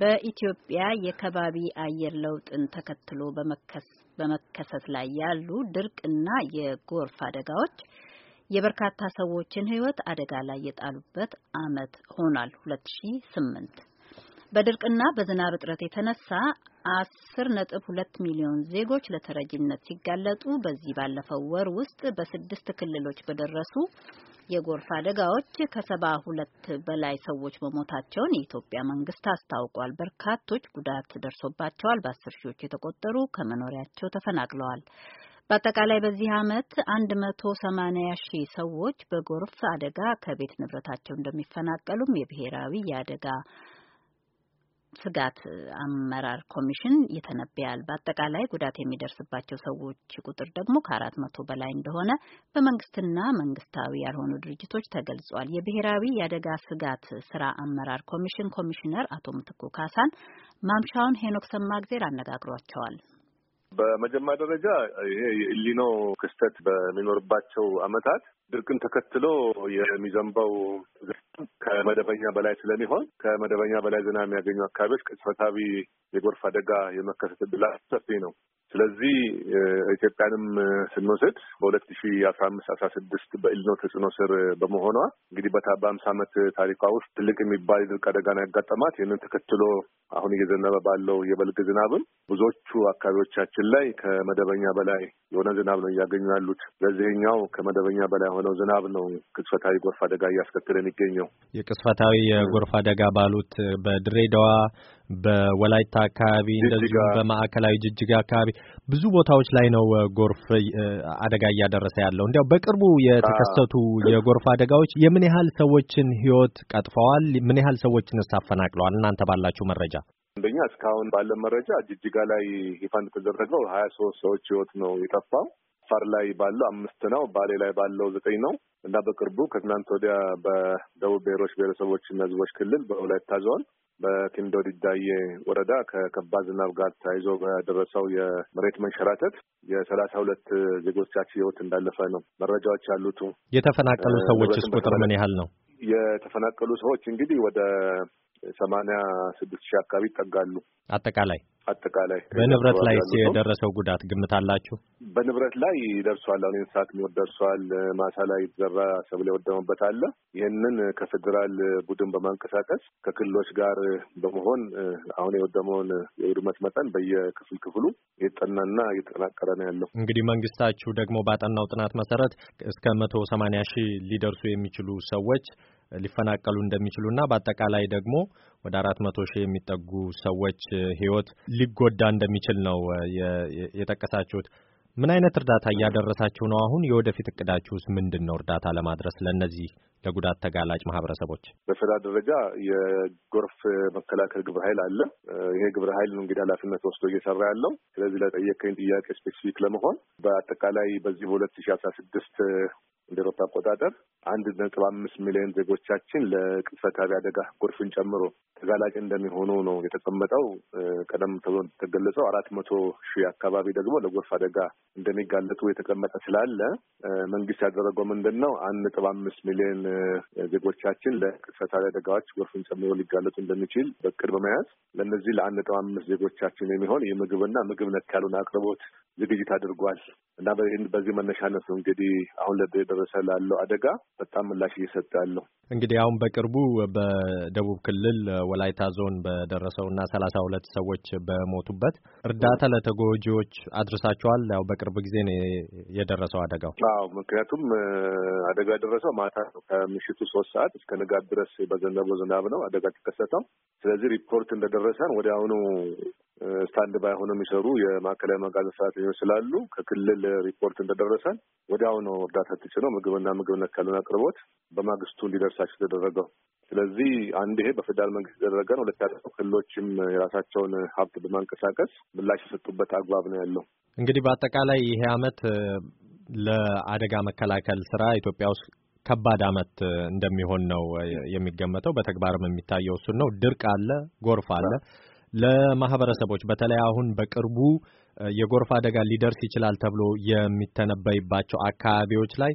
በኢትዮጵያ የከባቢ አየር ለውጥን ተከትሎ በመከሰት ላይ ያሉ ድርቅና የጎርፍ አደጋዎች የበርካታ ሰዎችን ሕይወት አደጋ ላይ የጣሉበት ዓመት ሆኗል 2008። በድርቅና በዝናብ እጥረት የተነሳ 10.2 ሚሊዮን ዜጎች ለተረጂነት ሲጋለጡ በዚህ ባለፈው ወር ውስጥ በስድስት ክልሎች በደረሱ የጎርፍ አደጋዎች ከሰባ ሁለት በላይ ሰዎች መሞታቸውን የኢትዮጵያ መንግስት አስታውቋል። በርካቶች ጉዳት ደርሶባቸዋል። በአስር ሺዎች የተቆጠሩ ከመኖሪያቸው ተፈናቅለዋል። በአጠቃላይ በዚህ ዓመት 180 ሺህ ሰዎች በጎርፍ አደጋ ከቤት ንብረታቸው እንደሚፈናቀሉም የብሔራዊ የአደጋ ስጋት አመራር ኮሚሽን ይተነብያል። በአጠቃላይ ጉዳት የሚደርስባቸው ሰዎች ቁጥር ደግሞ ከአራት መቶ በላይ እንደሆነ በመንግስትና መንግስታዊ ያልሆኑ ድርጅቶች ተገልጿል። የብሔራዊ የአደጋ ስጋት ስራ አመራር ኮሚሽን ኮሚሽነር አቶ ምትኩ ካሳን ማምሻውን ሄኖክ ሰማግዜር አነጋግሯቸዋል። በመጀመሪያ ደረጃ ይሄ የኢሊኖ ክስተት በሚኖርባቸው ዓመታት ድርቅን ተከትሎ የሚዘንባው ከመደበኛ በላይ ስለሚሆን ከመደበኛ በላይ ዝናብ የሚያገኙ አካባቢዎች ቅጽበታዊ የጎርፍ አደጋ የመከሰት እድላቸው ሰፊ ነው። ስለዚህ ኢትዮጵያንም ስንወስድ በሁለት ሺ አስራ አምስት አስራ ስድስት በኤልኒኖ ተጽዕኖ ስር በመሆኗ እንግዲህ በታ በአምሳ ዓመት ታሪኳ ውስጥ ትልቅ የሚባል የድርቅ አደጋን ያጋጠማት ይህንን ተከትሎ አሁን እየዘነበ ባለው የበልግ ዝናብም ብዙዎቹ አካባቢዎቻችን ላይ ከመደበኛ በላይ የሆነ ዝናብ ነው እያገኙ ያሉት። ለዚህኛው ከመደበኛ በላይ የሆነው ዝናብ ነው ቅጽበታዊ ጎርፍ አደጋ እያስከተለ የሚገኘው። ናቸው። የቅስፈታዊ የጎርፍ አደጋ ባሉት በድሬዳዋ በወላይታ አካባቢ እንደዚሁም በማዕከላዊ ጅጅጋ አካባቢ ብዙ ቦታዎች ላይ ነው ጎርፍ አደጋ እያደረሰ ያለው። እንዲያው በቅርቡ የተከሰቱ የጎርፍ አደጋዎች የምን ያህል ሰዎችን ሕይወት ቀጥፈዋል? ምን ያህል ሰዎችን አፈናቅለዋል? እናንተ ባላችሁ መረጃ አንደኛ እስካሁን ባለ መረጃ ጅጅጋ ላይ ይፋ እንደተደረገው ሀያ ሶስት ሰዎች ሕይወት ነው የጠፋው። አፋር ላይ ባለው አምስት ነው። ባሌ ላይ ባለው ዘጠኝ ነው። እና በቅርቡ ከትናንት ወዲያ በደቡብ ብሔሮች ብሔረሰቦችና ሕዝቦች ክልል በወላይታ ዞን በኪንዶ ዲዳዬ ወረዳ ከከባድ ዝናብ ጋር ተያይዞ በደረሰው የመሬት መንሸራተት የሰላሳ ሁለት ዜጎቻችን ሕይወት እንዳለፈ ነው መረጃዎች ያሉት። የተፈናቀሉ ሰዎች ቁጥር ምን ያህል ነው? የተፈናቀሉ ሰዎች እንግዲህ ወደ ሰማንያ ስድስት ሺህ አካባቢ ይጠጋሉ። አጠቃላይ አጠቃላይ በንብረት ላይ የደረሰው ጉዳት ግምት አላችሁ? በንብረት ላይ ደርሷል። አሁን የእንስሳት ሞት ደርሷል። ማሳ ላይ የተዘራ ሰብል የወደመበት አለ። ይህንን ከፌዴራል ቡድን በማንቀሳቀስ ከክልሎች ጋር በመሆን አሁን የወደመውን የውድመት መጠን በየክፍል ክፍሉ የጠናና እየተጠናቀረ ነው ያለው። እንግዲህ መንግስታችሁ ደግሞ ባጠናው ጥናት መሰረት እስከ መቶ ሰማንያ ሺህ ሊደርሱ የሚችሉ ሰዎች ሊፈናቀሉ እንደሚችሉና በአጠቃላይ ደግሞ ወደ አራት መቶ ሺህ የሚጠጉ ሰዎች ህይወት ሊጎዳ እንደሚችል ነው የጠቀሳችሁት። ምን አይነት እርዳታ እያደረሳችሁ ነው? አሁን የወደፊት እቅዳችሁስ ምንድን ነው? እርዳታ ለማድረስ ለእነዚህ ለጉዳት ተጋላጭ ማህበረሰቦች? በፌዴራል ደረጃ የጎርፍ መከላከል ግብረ ኃይል አለ። ይሄ ግብረ ኃይል ነው እንግዲህ ኃላፊነት ወስዶ እየሰራ ያለው። ስለዚህ ለጠየቀኝ ጥያቄ ስፔሲፊክ ለመሆን በአጠቃላይ በዚህ በሁለት ሺ አስራ ስድስት እንደ ኤሮፓ አቆጣጠር አንድ ነጥብ አምስት ሚሊዮን ዜጎቻችን ለቅጽበታዊ አደጋ ጎርፍን ጨምሮ ተጋላጭ እንደሚሆኑ ነው የተቀመጠው። ቀደም ተብሎ እንደተገለጸው አራት መቶ ሺህ አካባቢ ደግሞ ለጎርፍ አደጋ እንደሚጋለጡ የተቀመጠ ስላለ መንግስት ያደረገው ምንድን ነው አንድ ነጥብ አምስት ሚሊዮን ዜጎቻችን ለቅጽበታዊ አደጋዎች ጎርፍን ጨምሮ ሊጋለጡ እንደሚችል በቅድ በመያዝ ለእነዚህ ለአንድ ነጥብ አምስት ዜጎቻችን የሚሆን የምግብና ምግብ ነክ ያሉን አቅርቦት ዝግጅት አድርጓል እና በዚህ መነሻነት ነው እንግዲህ አሁን ለደረሰ ላለው አደጋ በጣም ምላሽ እየሰጠ ያለው። እንግዲህ አሁን በቅርቡ በደቡብ ክልል ወላይታ ዞን በደረሰውና ሰላሳ ሁለት ሰዎች በሞቱበት እርዳታ ለተጎጂዎች አድርሳቸዋል። ያው በቅርብ ጊዜ ነው የደረሰው አደጋው። አዎ ምክንያቱም አደጋ የደረሰው ማታ ነው ከምሽቱ ሶስት ሰዓት እስከ ንጋት ድረስ በዘነበው ዝናብ ነው አደጋ ተከሰተው። ስለዚህ ሪፖርት እንደደረሰን ወደ አሁኑ ስታንድ ባይ ሆነው የሚሰሩ የማዕከላዊ መጋዘን ሰራተኞች ስላሉ ከክልል ሪፖርት እንደደረሰን ወደ አሁኑ እርዳታ ተጭነው ምግብና ምግብ ነክ ያልሆነ አቅርቦት በማግስቱ እንዲደርሳቸው ተደረገው። ስለዚህ አንድ ይሄ በፌዴራል መንግስት የተደረገ ነው። ሁለት ያለው ክልሎችም የራሳቸውን ሀብት በማንቀሳቀስ ምላሽ የሰጡበት አግባብ ነው ያለው። እንግዲህ በአጠቃላይ ይሄ አመት ለአደጋ መከላከል ስራ ኢትዮጵያ ውስጥ ከባድ ዓመት እንደሚሆን ነው የሚገመተው። በተግባርም የሚታየው እሱን ነው። ድርቅ አለ፣ ጎርፍ አለ። ለማህበረሰቦች በተለይ አሁን በቅርቡ የጎርፍ አደጋ ሊደርስ ይችላል ተብሎ የሚተነበይባቸው አካባቢዎች ላይ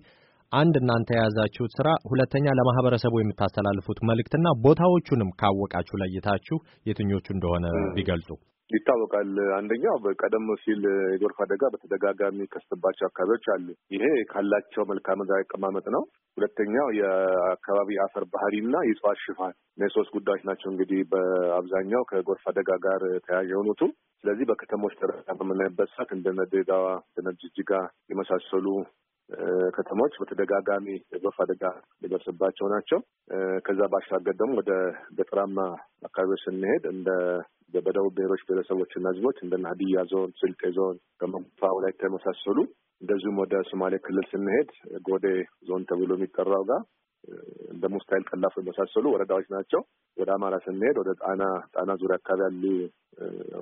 አንድ እናንተ የያዛችሁት ስራ፣ ሁለተኛ ለማህበረሰቡ የምታስተላልፉት መልእክትና ቦታዎቹንም ካወቃችሁ ለይታችሁ የትኞቹ እንደሆነ ቢገልጹ ይታወቃል። አንደኛው በቀደም ሲል የጎርፍ አደጋ በተደጋጋሚ የሚከሰትባቸው አካባቢዎች አሉ። ይሄ ካላቸው መልክዓ አቀማመጥ ነው። ሁለተኛው የአካባቢ አፈር ባህሪና የእጽዋት ሽፋን እነዚህ ሶስት ጉዳዮች ናቸው እንግዲህ በአብዛኛው ከጎርፍ አደጋ ጋር ተያያዥ የሆኑቱ። ስለዚህ በከተሞች ደረጃ በምናይበት ሰዓት እንደነ ድሬዳዋ፣ እንደነ ጅጅጋ የመሳሰሉ ከተሞች በተደጋጋሚ የጎርፍ አደጋ ሊደርስባቸው ናቸው። ከዛ ባሻገር ደግሞ ወደ ገጠራማ አካባቢዎች ስንሄድ እንደ በደቡብ ብሔሮች ብሔረሰቦችና ህዝቦች እንደ ሀዲያ ዞን፣ ስልጤ ዞን፣ ጋሞጎፋ፣ ወላይታ የመሳሰሉ እንደዚሁም ወደ ሶማሌ ክልል ስንሄድ ጎዴ ዞን ተብሎ የሚጠራው ጋር እንደ ሙስታይል ቀላፎ የመሳሰሉ ወረዳዎች ናቸው። ወደ አማራ ስንሄድ ወደ ጣና ጣና ዙሪያ አካባቢ ያሉ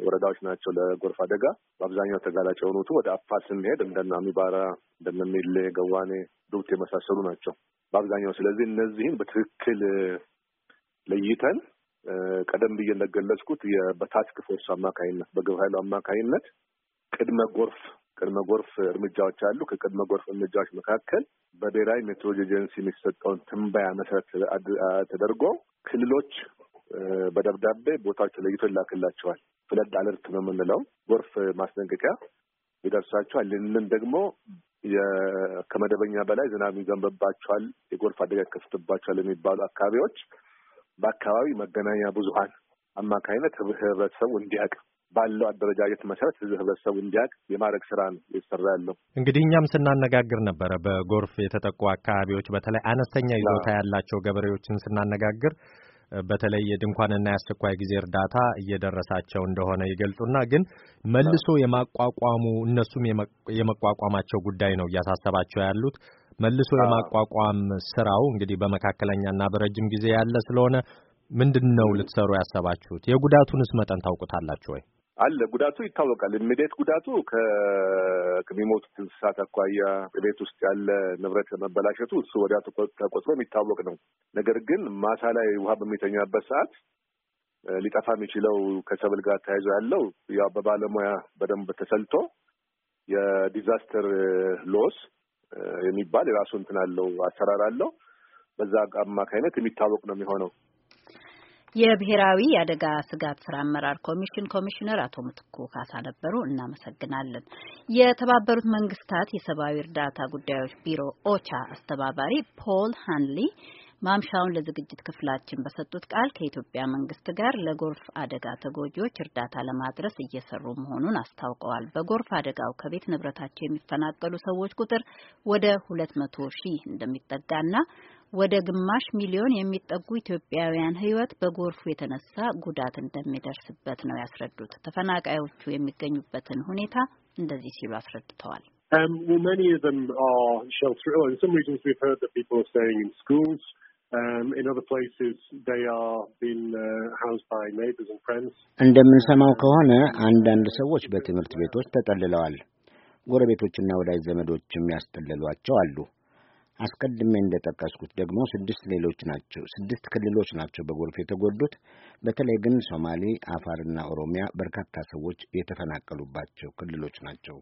ወረዳዎች ናቸው ለጎርፍ አደጋ በአብዛኛው ተጋላጭ የሆኑቱ። ወደ አፋር ስንሄድ እንደነ አሚባራ፣ እንደነ ገዋኔ፣ ዱብት የመሳሰሉ ናቸው በአብዛኛው። ስለዚህ እነዚህን በትክክል ለይተን ቀደም ብዬ እንደገለጽኩት በታስክ ፎርስ አማካኝነት በግብ ኃይሉ አማካኝነት ቅድመ ጎርፍ ቅድመ ጎርፍ እርምጃዎች አሉ። ከቅድመ ጎርፍ እርምጃዎች መካከል በብሔራዊ ሜትሮሎጂ ኤጀንሲ የሚሰጠውን ትንበያ መሰረት ተደርጎ ክልሎች በደብዳቤ ቦታዎች ለይቶ ይላክላቸዋል። ፍለድ አለርት ነው የምንለው ጎርፍ ማስጠንቀቂያ ይደርሳቸዋል። ይህንን ደግሞ ከመደበኛ በላይ ዝናብ ይዘንብባቸዋል፣ የጎርፍ አደጋ ይከሰትባቸዋል የሚባሉ አካባቢዎች በአካባቢ መገናኛ ብዙሀን አማካኝነት ህብረተሰቡ እንዲያውቅ ባለው አደረጃጀት መሰረት ህብረተሰቡ እንዲያውቅ የማድረግ ስራ ነው እየተሰራ ያለው። እንግዲህ እኛም ስናነጋግር ነበረ በጎርፍ የተጠቁ አካባቢዎች በተለይ አነስተኛ ይዞታ ያላቸው ገበሬዎችን ስናነጋግር በተለይ የድንኳንና የአስቸኳይ ጊዜ እርዳታ እየደረሳቸው እንደሆነ ይገልጹና ግን መልሶ የማቋቋሙ እነሱም የመቋቋማቸው ጉዳይ ነው እያሳሰባቸው ያሉት። መልሶ የማቋቋም ስራው እንግዲህ በመካከለኛና በረጅም ጊዜ ያለ ስለሆነ ምንድን ነው ልትሰሩ ያሰባችሁት? የጉዳቱንስ መጠን ታውቁታላችሁ ወይ? አለ ጉዳቱ ይታወቃል። ኢሚዲየት ጉዳቱ ከሚሞቱት እንስሳት አኳያ ቤት ውስጥ ያለ ንብረት መበላሸቱ እሱ ወዲያ ተቆጥሮ የሚታወቅ ነው። ነገር ግን ማሳ ላይ ውሃ በሚተኛበት ሰዓት ሊጠፋ የሚችለው ከሰብል ጋር ተያይዞ ያለው ያው በባለሙያ በደንብ ተሰልቶ የዲዛስተር ሎስ የሚባል የራሱ እንትን አለው አሰራር አለው። በዛ አማካይነት የሚታወቅ ነው የሚሆነው። የብሔራዊ የአደጋ ስጋት ስራ አመራር ኮሚሽን ኮሚሽነር አቶ ምትኩ ካሳ ነበሩ። እናመሰግናለን። የተባበሩት መንግስታት የሰብአዊ እርዳታ ጉዳዮች ቢሮ ኦቻ አስተባባሪ ፖል ሃንሊ ማምሻውን ለዝግጅት ክፍላችን በሰጡት ቃል ከኢትዮጵያ መንግስት ጋር ለጎርፍ አደጋ ተጎጂዎች እርዳታ ለማድረስ እየሰሩ መሆኑን አስታውቀዋል። በጎርፍ አደጋው ከቤት ንብረታቸው የሚፈናቀሉ ሰዎች ቁጥር ወደ ሁለት መቶ ሺህ እንደሚጠጋና ወደ ግማሽ ሚሊዮን የሚጠጉ ኢትዮጵያውያን ሕይወት በጎርፉ የተነሳ ጉዳት እንደሚደርስበት ነው ያስረዱት። ተፈናቃዮቹ የሚገኙበትን ሁኔታ እንደዚህ ሲሉ አስረድተዋል። Um, well, many of them are Well, in some regions, we've heard that people are staying in schools. Um, uh, እንደምንሰማው ከሆነ አንዳንድ ሰዎች በትምህርት ቤቶች ተጠልለዋል። ጎረቤቶችና ወዳጅ ዘመዶችም ያስጠልሏቸው አሉ። አስቀድሜ እንደጠቀስኩት ደግሞ ስድስት ሌሎች ናቸው ስድስት ክልሎች ናቸው በጎርፍ የተጎዱት። በተለይ ግን ሶማሌ፣ አፋርና ኦሮሚያ በርካታ ሰዎች የተፈናቀሉባቸው ክልሎች ናቸው።